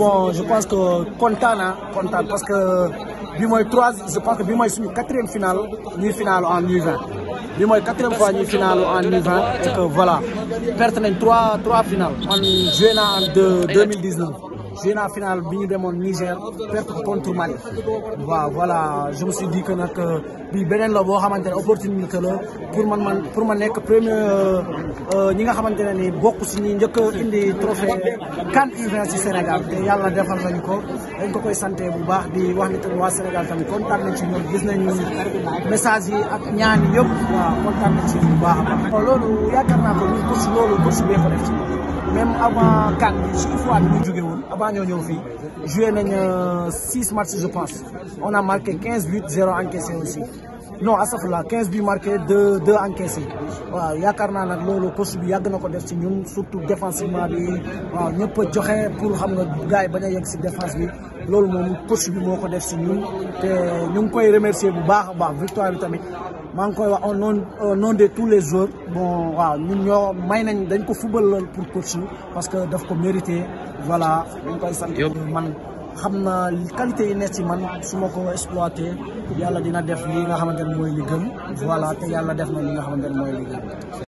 bon je pense que content, hein, parce que bi 3, je pense que bi est 4 quatrième finale nuit finale en U20 bi 4 quatrième fois nuit finale en U20 que voilà perte nañ trois trois finales en 2019. joué naa final bi ñu demoon Niger perte contre Mali waaw voilà je me suis dit que nag euh, bii beneen la boo xamante ne opportunité la pour man man pour ma nekk premier euh, euh, ñi nga xamante ne ni bokk si ñi njëkk a indi trophée CAN U20 ci Sénégal te yàlla defal nañu ko dañ ko koy santé bu baax di wax ni tamit waa Sénégal tamit kontaan nañ ci ñoom gis nañu message yi ak ñaan yëpp waaw kontaan nañ ci bu baax a baax loolu yaakaar naa ko ñun course loolu course bee ko def ci même avant 4, fois avant nous euh, 6 matchs, je pense. On a marqué 15, 8, 0 question aussi non la 15 bi marqué deux deux encaissés waaw yakarna nak lolu coach bi yàgg na def ci ñun surtout défensivement bi waaw ñëpp a joxe pour xam nga gars yi bañ a yegg si défense bi lolu mom coach bi moko def ci ñun té ñu ngi koy remercier bu baax baax victoire bi tamit maa ngi koy wax au nom au nom de tous les joueurs bon waaw ñun ñoo may nañ dañ ko fubal pour coach parce que daf ko mériter voilà dañ koy sant man xam naa qualité yi nekk ci man su ma ko exploité yàlla dina def li nga xamante ne mooy li gën voilà te yàlla def na li nga xamante ne mooy li